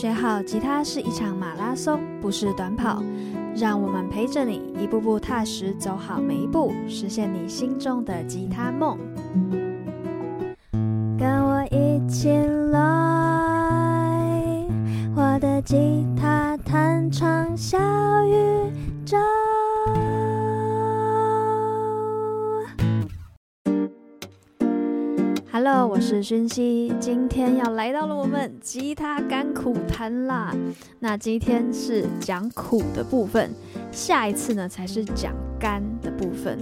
學好吉他是一場馬拉松，不是短跑。讓我們陪着你，一步步踏實走好每一步，實現你心中的吉他夢。跟我一起來，我的吉他。我是薰希，今天要來到了我們吉他甘苦談啦。那今天是講苦的部分，下一次呢才是講甘的部分。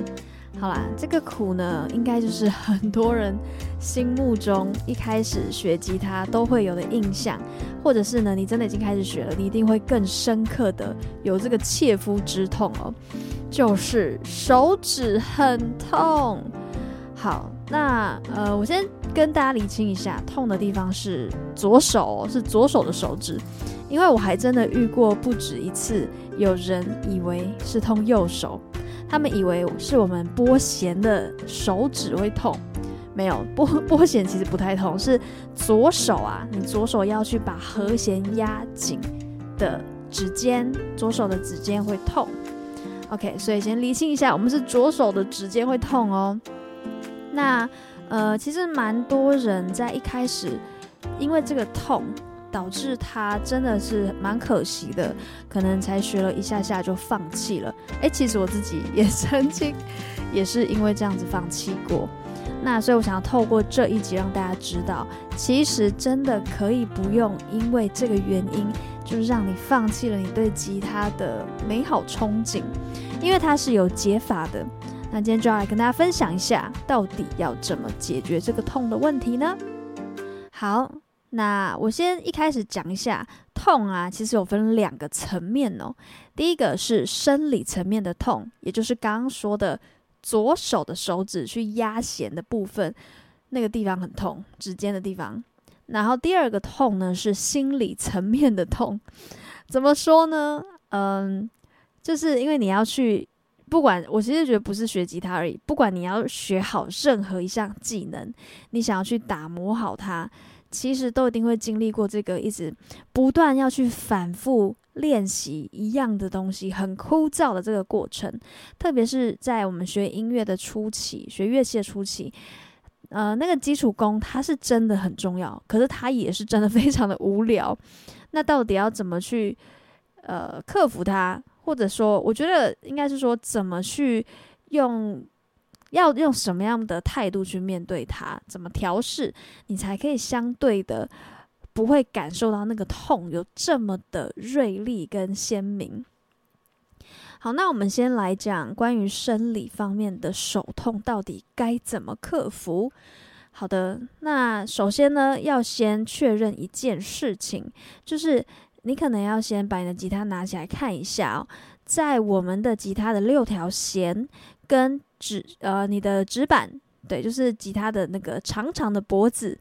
好啦，這個苦呢，應該就是很多人心目中一開始學吉他都會有的印象，或者是呢，你真的已經開始學了，你一定會更深刻的有這個切膚之痛哦，就是手指很痛。好。那呃，我先跟大家釐清一下，痛的地方是左手，是左手的手指，因為我還真的遇過不止一次，有人以為是痛右手，他們以為是我們撥弦的手指會痛，沒有，撥撥弦其實不太痛，是左手啊，你左手要去把和弦壓緊的指尖，左手的指尖會痛。OK，所以先釐清一下，我們是左手的指尖會痛哦。那，呃，其實蠻多人在一開始，因為這個痛，導致他真的是蠻可惜的，可能才學了一下下就放棄了。誒、欸，其實我自己也曾經，也是因為這樣子放棄過。那所以，我想要透過這一集讓大家知道，其實真的可以不用因為這個原因，就是讓你放棄了你對吉他的美好憧憬，因為它是有解法的。那今天就要來跟大家分享一下，到底要怎麼解決這個痛的問題呢？好，那我先一開始講一下痛啊，其實有分兩個層面哦。第一個是生理層面的痛，也就是剛剛說的左手的手指去壓弦的部分，那個地方很痛，指尖的地方。然後第二個痛呢，是心理層面的痛，怎麼說呢？嗯，就是因為你要去。不管我其實覺得不是學吉他而已，不管你要學好任何一項技能，你想要去打磨好它，其實都一定會經歷過這個一直不斷要去反覆練習一樣的東西，很枯燥的這個過程。特別是在我們學音樂的初期，學樂器的初期，呃，那個基礎功它是真的很重要，可是它也是真的非常的無聊。那到底要怎麼去呃克服它，或者說，我覺得應該是說，怎麼去用，要用什麼樣的態度去面對它，怎麼調試，你才可以相對的不會感受到那個痛有這麼的銳利跟鮮明。好，那我們先來講關於生理方面的手痛到底該怎麼克服。好的，那首先呢，要先確認一件事情，就是。你可能要先把你的吉他拿起來看一下哦，在我們的吉他的六條弦跟指呃，你的指板，對，就是吉他的那個長長的脖子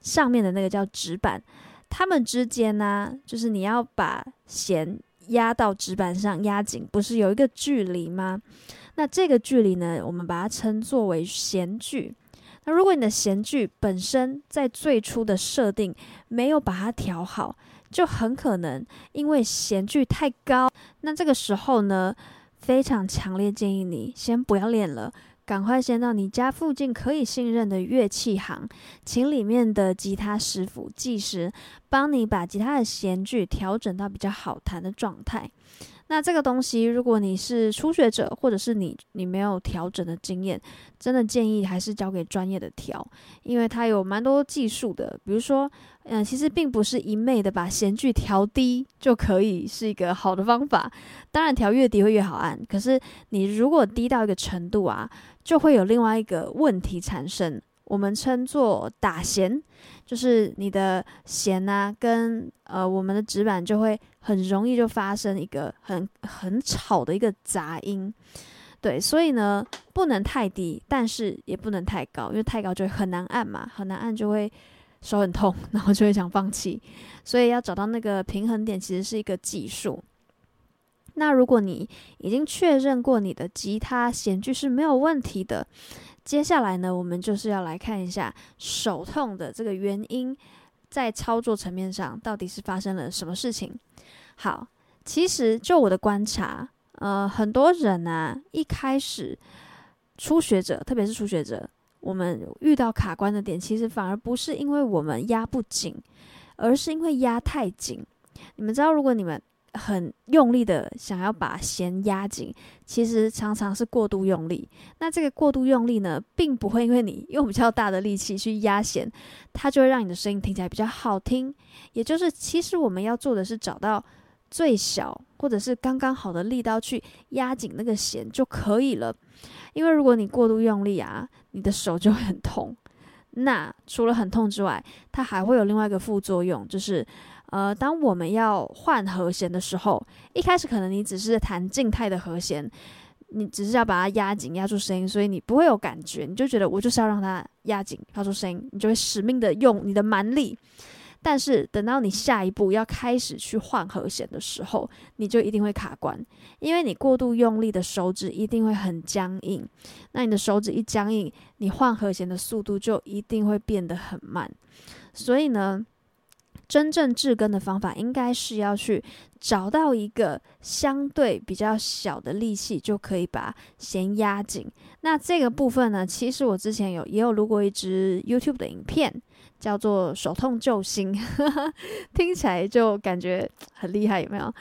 上面的那個叫指板，它們之間呢、啊，就是你要把弦壓到指板上壓緊，不是有一個距離嗎？那這個距離呢，我們把它稱作為弦距。那如果你的弦距本身在最初的設定沒有把它調好。就很可能因為弦距太高，那這個時候呢，非常強烈建議你先不要練了，趕快先到你家附近可以信任的樂器行，請裡面的吉他師傅技師，幫你把吉他的弦距調整到比較好彈的狀態。那這個東西，如果你是初學者，或者是你你沒有調整的經驗，真的建議還是交給專業的調，因為它有蠻多技術的。比如說，嗯，其實並不是一昧的把弦距調低就可以是一個好的方法。當然，調越低會越好按，可是你如果低到一個程度啊，就會有另外一個問題產生。我們稱作打弦，就是你的弦啊，跟呃我們的指板就會很容易就發生一個很很吵的一個雜音，對，所以呢不能太低，但是也不能太高，因為太高就很難按嘛，很難按就會手很痛，然後就會想放棄，所以要找到那個平衡點其實是一個技術。那如果你已經確認過你的吉他弦距是沒有問題的。接下來呢，我們就是要來看一下手痛的這個原因，在操作層面上到底是發生了什麼事情。好，其實就我的觀察，呃，很多人吶、啊，一開始初學者，特別是初學者，我們遇到卡關的點，其實反而不是因為我們壓不緊，而是因為壓太緊。你們知道，如果你們很用力的想要把弦壓緊，其實常常是過度用力。那這個過度用力呢，並不會因為你用比較大的力氣去壓弦，它就會讓你的聲音聽起來比較好聽。也就是，其實我們要做的是找到最小或者是剛剛好的力道去壓緊那個弦就可以了。因為如果你過度用力啊，你的手就會很痛。那除了很痛之外，它還會有另外一個副作用，就是。呃，當我們要換和弦的時候，一開始可能你只是彈靜態的和弦，你只是要把它壓緊，壓住聲音，所以你不會有感覺，你就覺得我就是要讓它壓緊，壓住聲音，你就會使命的用你的蠻力。但是等到你下一步要開始去換和弦的時候，你就一定會卡關，因為你過度用力的手指一定會很僵硬。那你的手指一僵硬，你換和弦的速度就一定會變得很慢。所以呢，真正治根的方法，應該是要去找到一個相對比較小的力氣，就可以把弦壓緊。那這個部分呢，其實我之前有也有錄過一支 YouTube 的影片，叫做“手痛救星”， 聽起來就感覺很厲害，有沒有？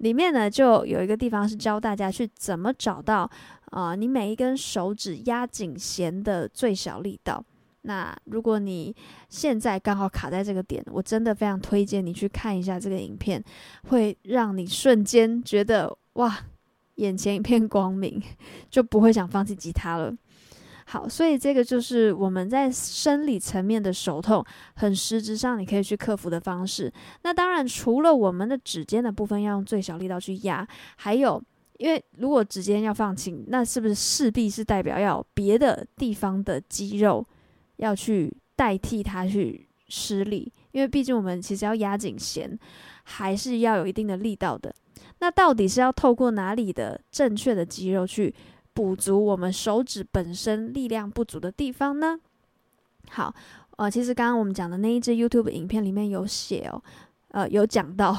裡面呢，就有一個地方是教大家去怎麼找到啊、呃，你每一根手指壓緊弦的最小力道。那如果你現在剛好卡在這個點，我真的非常推薦你去看一下這個影片，會讓你瞬間覺得哇，眼前一片光明，就不會想放棄吉他了。好，所以這個就是我們在生理層面的手痛，很實質上你可以去克服的方式。那當然，除了我們的指尖的部分要用最小力道去壓，還有因為如果指尖要放輕，那是不是勢必是代表要別的地方的肌肉要去代替它去施力，因為畢竟我們其實要壓緊弦，還是要有一定的力道的。那到底是要透過哪裡的正確的肌肉去補足我們手指本身力量不足的地方呢？好，呃，其實剛剛我們講的那一支 YouTube 影片裡面有寫哦，呃，有講到，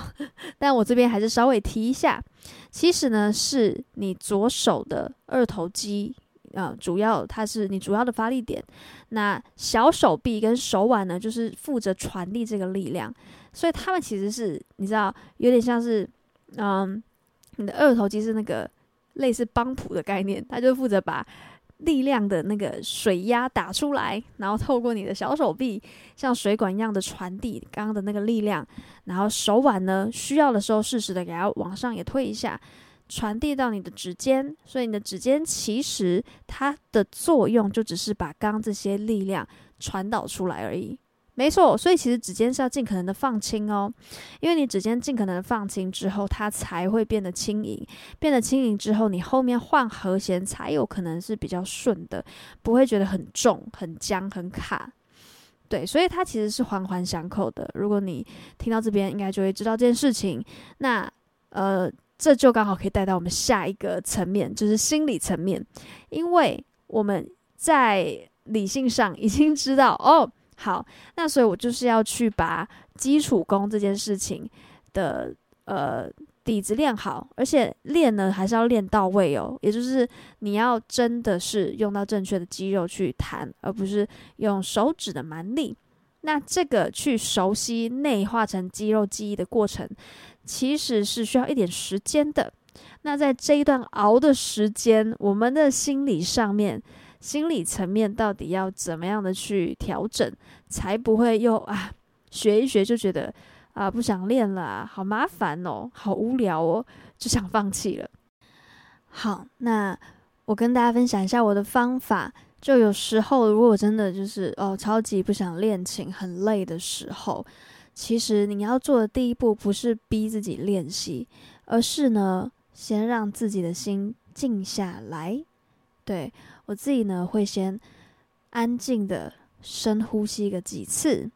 但我這邊還是稍微提一下，其實呢，是你左手的二頭肌。嗯，主要它是你主要的發力點，那小手臂跟手腕呢，就是負責傳遞這個力量，所以他們其實是你知道，有點像是，嗯，你的二頭肌是那個類似泵浦的概念，他就負責把力量的那個水壓打出來，然後透過你的小手臂像水管一樣的傳遞剛剛的那個力量，然後手腕呢需要的時候，適時的給它往上也推一下。傳遞到你的指尖，所以你的指尖其實它的作用就只是把剛剛這些力量傳導出來而已，沒錯。所以其實指尖是要儘可能的放輕哦，因為你指尖儘可能的放輕之後，它才會變得輕盈。變得輕盈之後，你後面換和絃才有可能是比較順的，不會覺得很重、很僵、很卡。對，所以它其實是環環相扣的。如果你聽到這邊，應該就會知道這件事情。那呃。這就剛好可以帶到我們下一個層面，就是心理層面，因為我們在理性上已經知道哦，好，那所以我就是要去把基礎功這件事情的呃底子練好，而且練呢還是要練到位哦，也就是你要真的是用到正確的肌肉去彈，而不是用手指的蠻力。那這個去熟悉、內化成肌肉記憶的過程，其實是需要一點時間的。那在這一段熬的時間，我們的心理上面、心理層面到底要怎麼樣的去調整，才不會又啊學一學就覺得啊不想練了啊，好麻煩哦，好無聊哦，就想放棄了。好，那我跟大家分享一下我的方法。就有時候，如果真的就是哦，超級不想練琴、很累的時候，其實你要做的第一步不是逼自己練習，而是呢，先讓自己的心靜下來。對，我自己呢，會先安靜的深呼吸個幾次，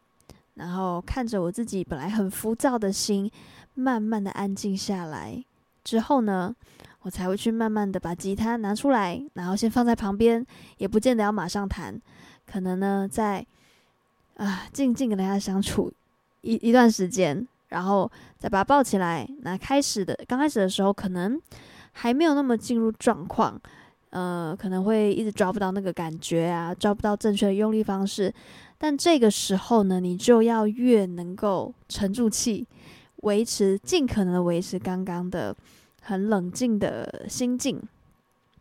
然後看着我自己本來很浮躁的心，慢慢的安靜下來之後呢。我才會去慢慢的把吉他拿出來，然後先放在旁邊，也不見得要馬上彈。可能呢，在啊靜靜跟大家相處一一段時間，然後再把它抱起來。那開始的剛開始的時候，可能還沒有那麼進入狀況，呃，可能會一直抓不到那個感覺啊，抓不到正確的用力方式。但這個時候呢，你就要越能夠沉住氣，維持盡可能的維持剛剛的。很冷靜的心境，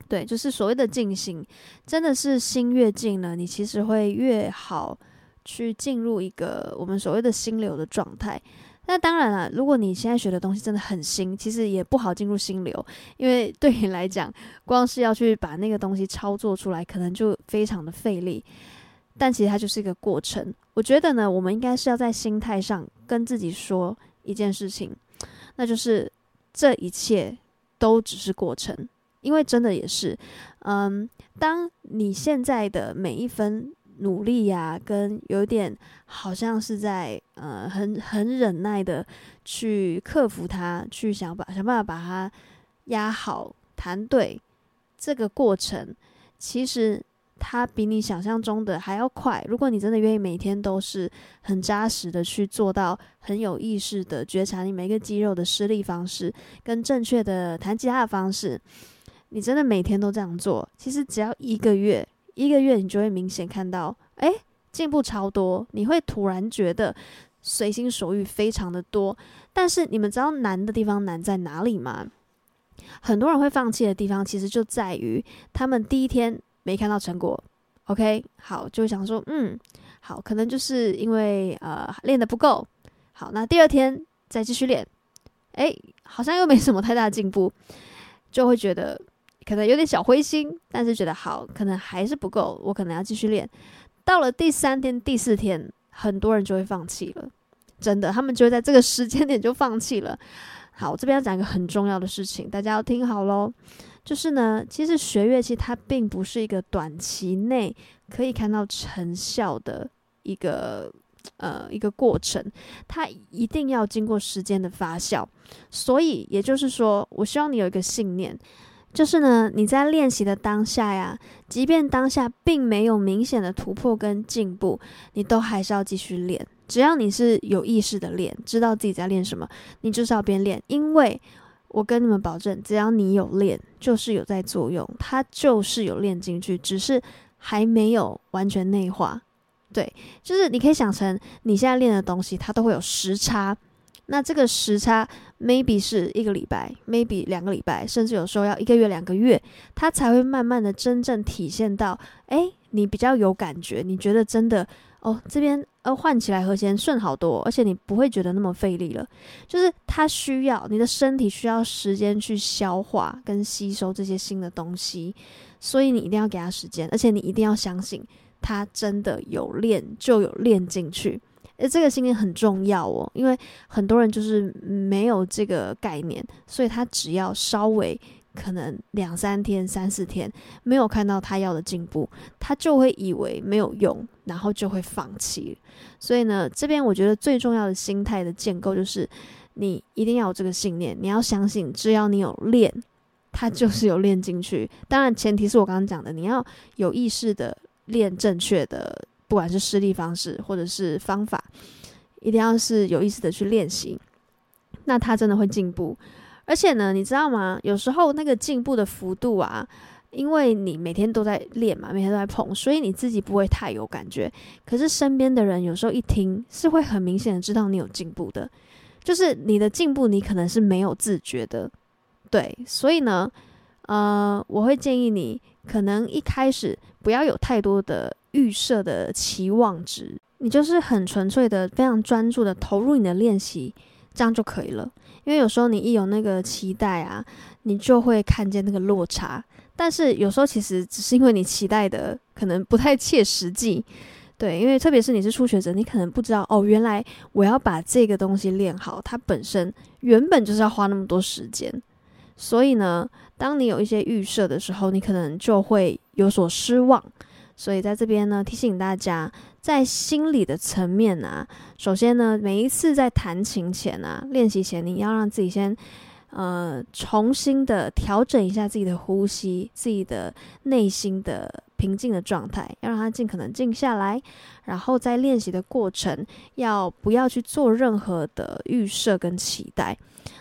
對，就是所謂的靜心。真的是心越靜呢，你其實會越好去進入一個我們所謂的心流的狀態。那當然了，如果你現在學的東西真的很新，其實也不好進入心流，因為對你來講，光是要去把那個東西操作出來，可能就非常的費力。但其實它就是一個過程。我覺得呢，我們應該是要在心態上跟自己說一件事情，那就是。這一切都只是過程，因為真的也是，嗯，當你現在的每一分努力呀、啊，跟有點好像是在，嗯、呃，很很忍耐的去克服它，去想把想辦法把它壓好，彈對，這個過程，其實。它比你想象中的還要快。如果你真的願意每天都是很扎實的去做到，很有意識的覺察你每個肌肉的施力方式跟正確的彈吉他的方式，你真的每天都這樣做，其實只要一個月，一個月你就會明顯看到，哎，進步超多。你會突然覺得隨心所欲非常的多。但是你們知道難的地方難在哪裡嗎？很多人會放棄的地方，其實就在於他們第一天。沒看到成果，OK，好，就會想說，嗯，好，可能就是因為呃練得不夠，好，那第二天再繼續練，哎，好像又沒什麼太大的進步，就會覺得可能有點小灰心，但是覺得好，可能還是不夠，我可能要繼續練。到了第三天、第四天，很多人就會放棄了，真的，他們就會在這個時間點就放棄了。好，我這邊要講一個很重要的事情，大家要聽好嘍。就是呢，其實學樂器它並不是一個短期內可以看到成效的一個呃一個過程，它一定要經過時間的發酵。所以也就是說，我希望你有一個信念，就是呢，你在練習的當下呀，即便當下並沒有明顯的突破跟進步，你都還是要繼續練。只要你是有意識的練，知道自己在練什麼，你就是要邊練，因為。我跟你們保證，只要你有練，就是有在作用，它就是有練進去，只是還沒有完全內化。對，就是你可以想成，你現在練的東西，它都會有時差。那這個時差，maybe 是一個禮拜，maybe 兩個禮拜，甚至有時候要一個月、兩個月，它才會慢慢的真正體現到，哎、欸，你比較有感覺，你覺得真的哦，這邊。要換起來和弦，順好多，而且你不會覺得那麼費力了。就是它需要你的身體需要時間去消化跟吸收這些新的東西，所以你一定要給他時間，而且你一定要相信，他真的有練就有練進去。而、呃、這個信念很重要哦，因為很多人就是沒有這個概念，所以他只要稍微可能兩三天、三四天沒有看到他要的進步，他就會以為沒有用，然後就會放棄。所以呢，這邊我覺得最重要的心態的建構就是，你一定要有這個信念，你要相信，只要你有練，他就是有練進去。當然，前提是我剛剛講的，你要有意識的練正確的，不管是施力方式或者是方法，一定要是有意識的去練習，那他真的會進步。而且呢，你知道嗎？有時候那個進步的幅度啊，因為你每天都在練嘛，每天都在碰，所以你自己不會太有感覺。可是身邊的人有時候一聽，是會很明顯的知道你有進步的。就是你的進步，你可能是沒有自覺的，對。所以呢，呃，我會建議你，可能一開始不要有太多的預設的期望值，你就是很純粹的、非常專注的投入你的練習。這樣就可以了，因為有時候你一有那個期待啊，你就會看見那個落差。但是有時候其實只是因為你期待的可能不太切實際，對，因為特別是你是初學者，你可能不知道哦，原來我要把這個東西練好，它本身原本就是要花那麼多時間。所以呢，當你有一些預設的時候，你可能就會有所失望。所以，在這邊呢，提醒大家，在心理的層面啊，首先呢，每一次在彈琴前啊，練習前，你要讓自己先，呃，重新的調整一下自己的呼吸，自己的內心的平靜的狀態，要讓它盡可能靜下來。然後，在練習的過程，要不要去做任何的預設跟期待？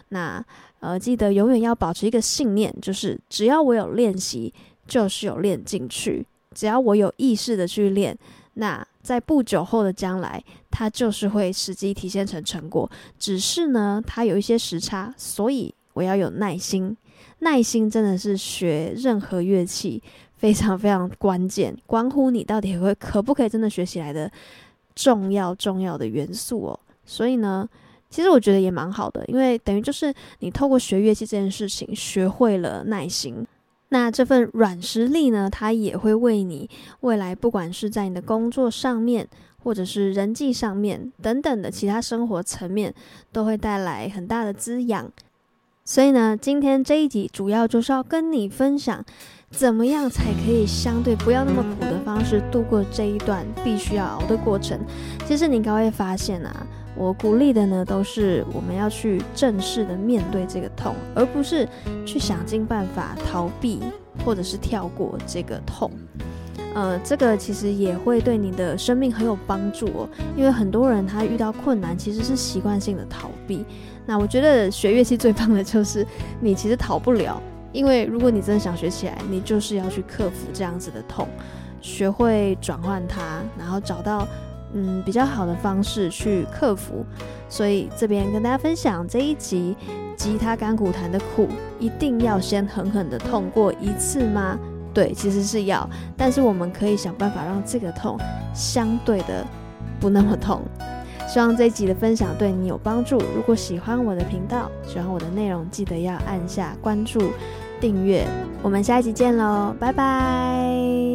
那呃，記得永遠要保持一個信念，就是只要我有練習，就是有練進去。只要我有意識的去練，那在不久後的將來，它就是會實際體現成成果。只是呢，它有一些時差，所以我要有耐心。耐心真的是學任何樂器非常非常關鍵，關乎你到底會可不可以真的學起來的，重要重要的元素哦。所以呢，其實我覺得也蠻好的，因為等於就是你透過學樂器這件事情，學會了耐心。那這份軟實力呢，它也會為你未來，不管是在你的工作上面，或者是人際上面等等的其他生活層面，都會帶來很大的滋養。所以呢，今天這一集主要就是要跟你分享，怎麼樣才可以相對不要那麼苦的方式度過這一段必須要熬的過程。其實你應該會發現啊。我鼓勵的呢，都是我們要去正式的面對這個痛，而不是去想盡辦法逃避或者是跳過這個痛。呃，這個其實也會對你的生命很有幫助哦，因為很多人他遇到困難其實是習慣性的逃避。那我覺得學樂器最棒的就是你其實逃不了，因為如果你真的想學起來，你就是要去克服這樣子的痛，學會轉換它，然後找到。嗯，比較好的方式去克服，所以這邊跟大家分享這一集吉他甘苦談的苦，一定要先狠狠的痛過一次嗎？對，其實是要，但是我們可以想辦法讓這個痛相對的不那麼痛。希望這一集的分享對你有幫助。如果喜歡我的頻道，喜歡我的內容，記得要按下關注、訂閱。我們下一集見嘍，拜拜。